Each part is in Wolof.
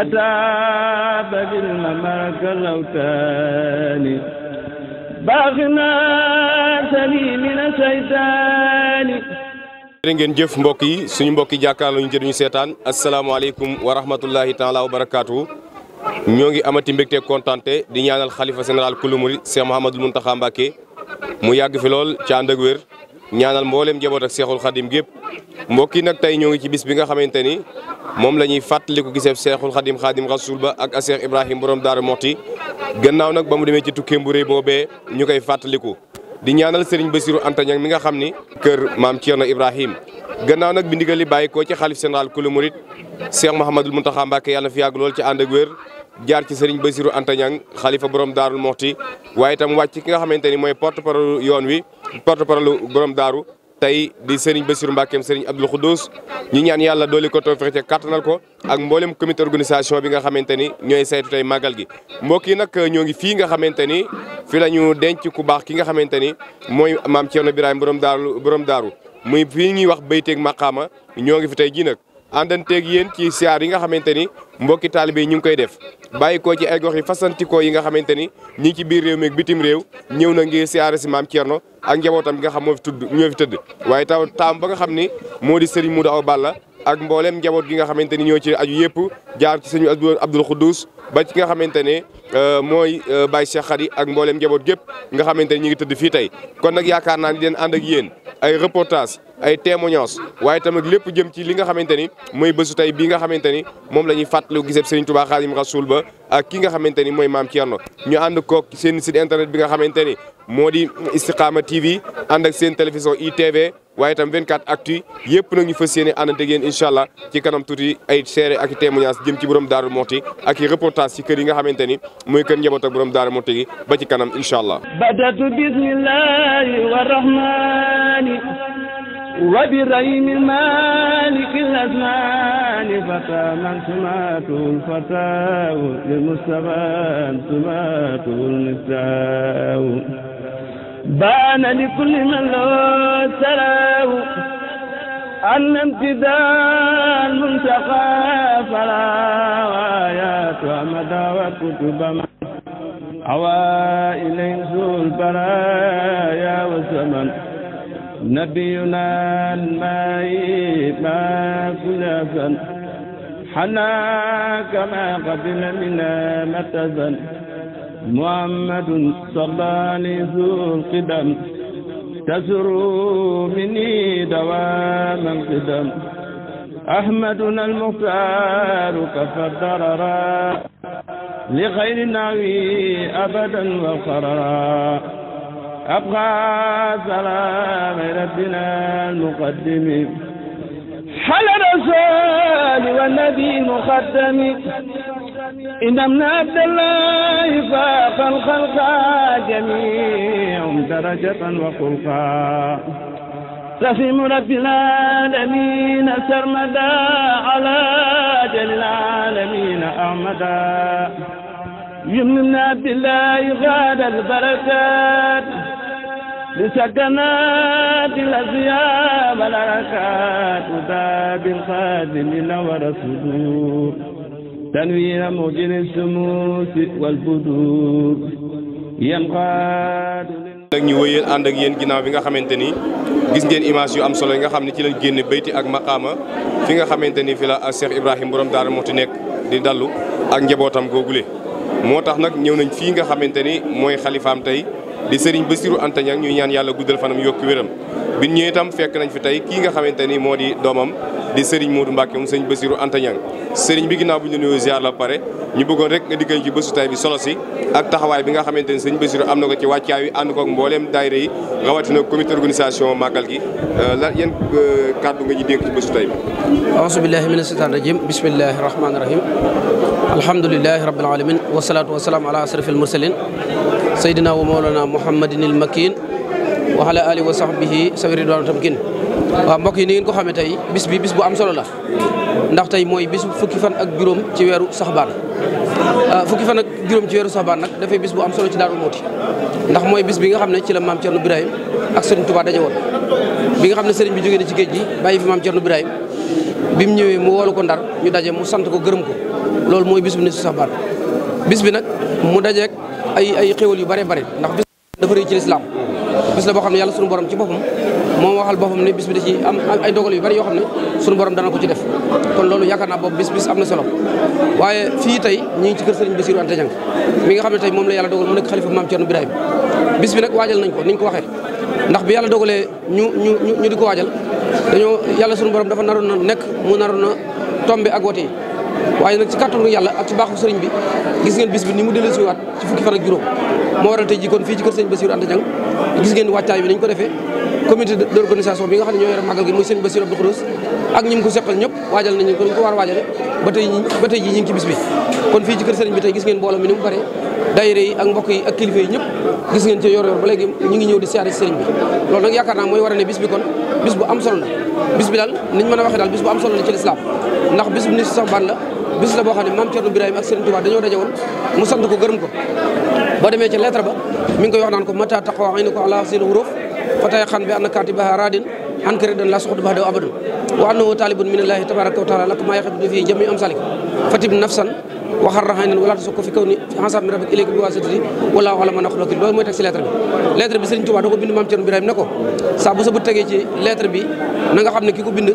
أتى بالمماك الأوتان باغنا سلي من الشيطان jërë jëf mbokk yi suñu mbokk yi jàkkaarloo ñu seetaan asalaamaaleykum wa rahmatullahi taala wa barakaatu ñoo ngi amati mbégte kontante di ñaanal xalifa général kulu murid Cheikh Mouhamadoul Mountakha Mbacké mu yàgg fi lool ci ànd wér ñaanal mboolem njaboot ak seexul xadim gépp mbokk yi nag tey ñoo ngi ci bis bi nga xamante ni moom la ñuy fàttaliku gisee seexul xadim xadim suul ba ak Seex Ibrahima borom Daaru Moxti gannaaw nag ba mu demee ci tukkeem bu boobee ñu koy fàttaliku. di ñaanal Serigne Bassirou Anta Niang mi nga xam ni kër maam Thierno Ibrahim gannaaw nag bi ndigal li bàyyi ko ci xalif général kulu murit Cheikh mu Mountakha Mbacké yàlla na fi yàgg lool ci ànd ak wér jaar ci Serigne Bassirou Anta Niang xalifa borom daarul moxti waaye itam wàcc ki nga xamante ni mooy porte parole yoon wi porte parole borom daaru tey di Serigne Bassirou Mbackeem Serigne Abdoul Khoudous ñi ñaan yàlla doole ko tawfeex ca kàttanal ko ak mboolem comité organisation bi nga xamante ni ñooy saytu tey màggal gi mbokk yi nag ñoo ngi fii nga xamante ni fi la ñu denc ku baax ki nga xamante ni mooy maam Thierno Birahim borom daaru borom daaru muy fii ñuy wax bayteeg maqaama ñoo fi tey jii nag àndanteeg yéen ci siyaar yi nga xamante ni mbokki taalibe yi ñu ngi koy def bàyyi ko ci ay yi fasantikoo yi nga xamante ni ñi ci biir réew mi ak bitim réew ñëw na ngir siyaare si maam Thierno a njabootam bi nga xam moo fi tudd ñoo fi tëdd waaye taw taam ba nga xam ni moo di Serigne Modou Awa Balla ak mboolem njaboot gi nga xamante ni ñoo ci aju yëpp jaar ci sëñ Abdul Xuddus ba ci nga xamante ne euh, mooy euh, Baye Cheikh Khady ak mboolem njaboot gépp nga xamante ni ñu ngi tëdd fii tey kon ag yaakaar naa ni leen ànd ak yéen ay reportage ay témoignages waaye tamit lépp jëm ci li nga xamante ni mooy bésu tey bii nga xamante ni moom la ñuy fàttaliku giseb Serigne Touba Khadim Rasoul ba ak ki nga xamante ni mooy maam Thierno ñu ànd koog seen site internet bi nga xamante ni moo di Istikhama TV ànd ak seen télévision ITV. waaye tam 24 actu yëpp nag ñu fas yéene àndante ak yéen allah ci kanam tuuti ay seere ak i témoignage ci borom Daaru Muxti ak i reportage ci kër yi nga xamante ni mooy kër njaboot ak borom Daaru gi ba ci kanam incha allah badatu baana li man loo salaam أن امتداء المنتقى فلا وآيات أمدا وكتب من أوى إليه سوء البرايا والزمن نبينا الماء ما كلفا حنا كما قبل منا متزا محمد صلى الله عليه وسلم تسر مني دواما قدم أحمدنا المختار كفى الضررا لغير ناوي أبدا وقررا أبقى سلام ربنا المقدم حل رسول والنبي مقدم إن ابن عبد الله فاق الخلق جميعهم درجة وخلقا رسم رب العالمين سرمدا على جل العالمين أعمدا يمن ابن عبد الله غاد البركات لسكنات الأزياء والأركات وذاب الخادم لورى الصدور تنوير موجن السموس والبدور ينقاد nag ñu wëyeen ànd ak yéen ginnaaw bi nga xamante ni gis ngeen image yu am solo yi nga xam ne ci lañ génn bayti ak maqaama fi nga xamante ni fi la Cheikh Ibrahim borom daara moo ti nekk di dallu ak njabootam googule moo tax nag ñëw nañ fii nga xamante ni mooy xalifaam tey di sëriñ Bassirou Anta Niang ñuy ñaan yàlla guddal fanam yokku wéram bi ñëwee itam fekk nañ fi tey kii nga xamante ni moo di doomam di Serigne Modou Mbacke moom Serigne Bassirou Anta Niang Serigne bi ginnaaw bu ñu la nuyoo ziar la pare ñu bëggoon rek nga dikkal ci bésu bi solo ak taxawaay bi nga xamante ne Serigne Bassirou am na ko ci wàccaay wi ànd ko ak mbooleem daayira yi rawatina comité organisation màggal gi euh, la yan euh, kàddu nga ñu dénk ci bésu tay bi aousu billahi mina shaytaan rajim bismillahi rahmaani rahim alhamdulilahi rabbil alamin wasalaatu wasalaamu ala asrafil mursalin sayyidina wa mawlana muhammadin il makin wa ala alihi wa sahbihi sawi ridwaan tamkin waa mbokk yi ni ngeen ko xamee tey bis bi bis bu am solo la ndax tey mooy bis fukki fan ak juróom ci weeru saxbaan ah, fukki fan ak juróom ci weeru saxbaan nag dafay bis bu am solo ci Daaru Muxti ndax mooy bis bi nga xam ne ci la maam Thierno Birahim ak Serigne Touba daje woon bi nga xam ne Serigne bi jógee na ci géej gi bàyyi fi maam Thierno Birahim bi mu ñëwee mu woolu ko ndar ñu daje mu sant ko gërëm ko loolu mooy bis si saxbaan bis bi nag mu dajeek ay ay xéwal yu bare bare ndax dafa rëy ci lislaam bis la boo xam ne yàlla sunu borom ci boppam moom waxal boppam ne bis bi da ci am ay dogal yu bari yoo xam ne sunu borom dana ko ci def kon loolu yaakaar naa boobu bis bis am na solo waaye fii tey ñi ngi ci kër sëriñ Bassirou Anta Niang mi nga xam ne tey moom la yàlla dogal mu nekk xalifa maam Thierno Birahim bis bi nag waajal nañ ko niñ ko waxee ndax bi yàlla dogalee ñu ñu ñu di ko waajal dañoo yàlla sunu borom dafa naroon na nekk mu naroon na tombe ak wote yi waaye nag ci kàttanu yàlla ak ci baaxu sëriñ bi gis ngeen bis bi ni mu dellusiwaat ci fukki fan ak juróom moo waral tey jii kon fii ci kër sëñ Bassirou Anta Diang gis ngeen wàccaay bi nañ ko defee comité d' bi nga xam ne ñoo yore màggal gi muy sëñ Bassirou Abdou Khoudoss ak ñi ko seqal ñëpp waajal nañu ko war a waajale ba tey ba tey jii ñu bis bi kon fii ci kër sëriñ bi tey gis ngeen mbooloo mi ni mu bare daayira yi ak mbokk yi ak kilifa yi ñëpp gis ngeen ci yor yor ba léegi ñu ngi ñëw di siyaare sëriñ bi loolu nag yaakaar naa mooy war a ne bis bi kon a waxee am ne maam Cerno Birahim ak Sëriñ Tuubaa dañoo daje ko boo demee ca lettre ba mi ngi koy naan ko mata taqwa aynu ko ala sil huruf fatay xan bi anna katibaha radin an karidan la suxut bax dew abadan wa annahu talibun min allahi tabaraka wa taala lakum ma yaxedu fii jami am salik fatib nafsan waxar raxañ nan walaata so ko fi kaw ni xansaat mi rabak iléegi bi waa satati wala wala mën a xulaki loolu mooy teg si lettre bi lettre bi Serigne na nga xam ne ki ko bind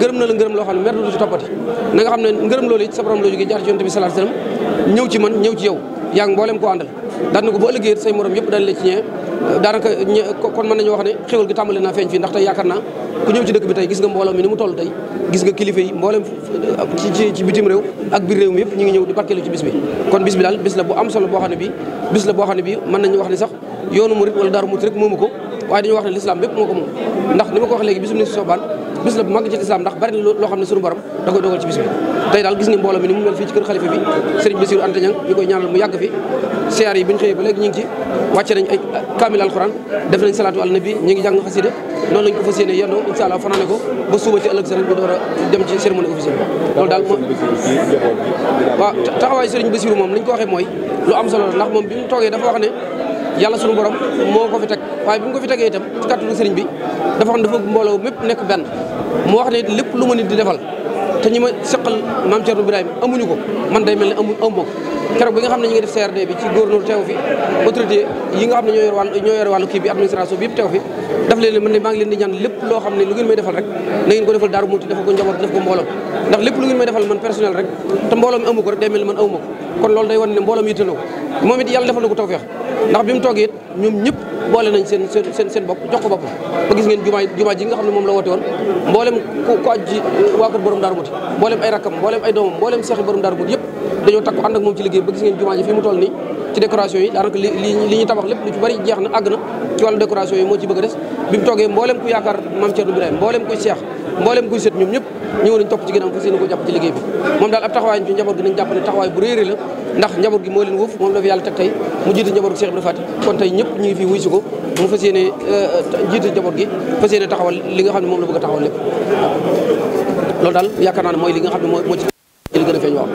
gërëm na la ngërëm loo xam ne mer du ci toppati na xam ne ngërëm loolu it sa borom la jógee jaar ci yonent bi salaatu salaam ñëw ci man ñëw ci yow yaa ngi mboolem ko àndal daan na ko bu ëllëgee say morom yëpp dañ la ci ñee daanaka kon mën nañu wax ne xéwal gi tàmbali naa feeñ fii ndax tey yaakaar naa ku ñëw ci dëkk bi tey gis nga mbooloo mi ni mu toll tey gis nga kilifa yi mboolem yëpp ñu ngi ñëw di barkeelu ci bis bi kon bis bi daal am solo boo xam ne bii bis la boo xam ne bii mën nañu wax ne moo ko moom ndax ni ma ko wax léegi bisu ni mag ci lislaam ndax bari na loo xam ne sunu borom da koy dogal ci bis bi tey daal gis nga mbooloo mi ni mu mel fii ci kër xalifa bi sëriñ Bassirou Anta ñu koy ñaanal mu yàgg fi siyaar yi bi ñu xëyee ba léegi ñu ngi ci wàcce nañ ay kaamil alxuraan def nañ salaatu ala nabi ñu ngi jàng xasida noonu lañ ko fas yéene yendoo incha allah fanaane ko ba suba ci ëllëg sa rek bu door a dem ci cérémonie officielle loolu daal moom waaw taxawaay sëriñ Basiru moom li ñu ko waxee mooy lu am solo ndax moom bi mu toogee dafa wax ne yàlla sunu borom moo ko fi teg waaye bi mu ko fi tegee itam ci kàttanu sëriñ bi dafa wax ne dafa mbooloo mépp nekk benn mu wax ne lépp lu ma nit di defal te ñi ma seqal maam Thierno Birahim amuñu ko man day mel ne amu amu ma ko keroog bi nga xam ne ñu ngi def CRD bi ci gouverneur teew fi autorité yi nga xam ne ñoo yor wàllu ñoo yor wàllu kii bi administration bi yëpp teew fi daf leen mën ne maa ngi leen di ñaan lépp loo xam ne lu ngeen may def ko mbooloo ndax lépp lu ngeen may defal man personnel rek te mbooloo mi amu rek day mel ne man amu ma ko kon loolu day wan ne mbooloo mi yittaloo ko moom it yàlla defal na ko tawfeex ndax bi mu toog it ñoom ñëpp boole nañ seen seen seen bopp jox ko boppam ba gis ngeen jumaa ji nga xam ne moom la woote woon mboolem ku aj ji uh, waa kër Muti mboolem ay rakkam mboolem ay doomam mboolem seexi borom Daaru Muti yëpp dañoo takku ànd moom ci liggéey ba gis ngeen jumaa ji fi mu toll nii ci décoration yi daanaka li li ñu tabax lépp bari jeex na àgg na ci wàllu décoration yi moo ci bëgg a des bi mu toogee mboolem ku yaakaar maam Thierno Birahim mboolem kuy seex mboolem kuy ñëw nañ topp ci ginnaaw fas yéene ko jàpp ci liggéey bi moom daal ab taxawaay ci njaboot gi nañ jàpp ne taxawaay bu réere la ndax njaboot gi moo leen wuuf moom la fi yàlla teg tey mu jiite njaboot gi Cheikh Ibrahima Fati kon tey ñëpp ñu ngi fi wuy si ko mu fas yéene euh, jiite njaboot gi fas ne taxawal li nga xam ne moom la bëgg a taxawal lépp loolu daal yaakaar naa ne mooy li nga xam ne moo moo ci li gën a feeñ waaw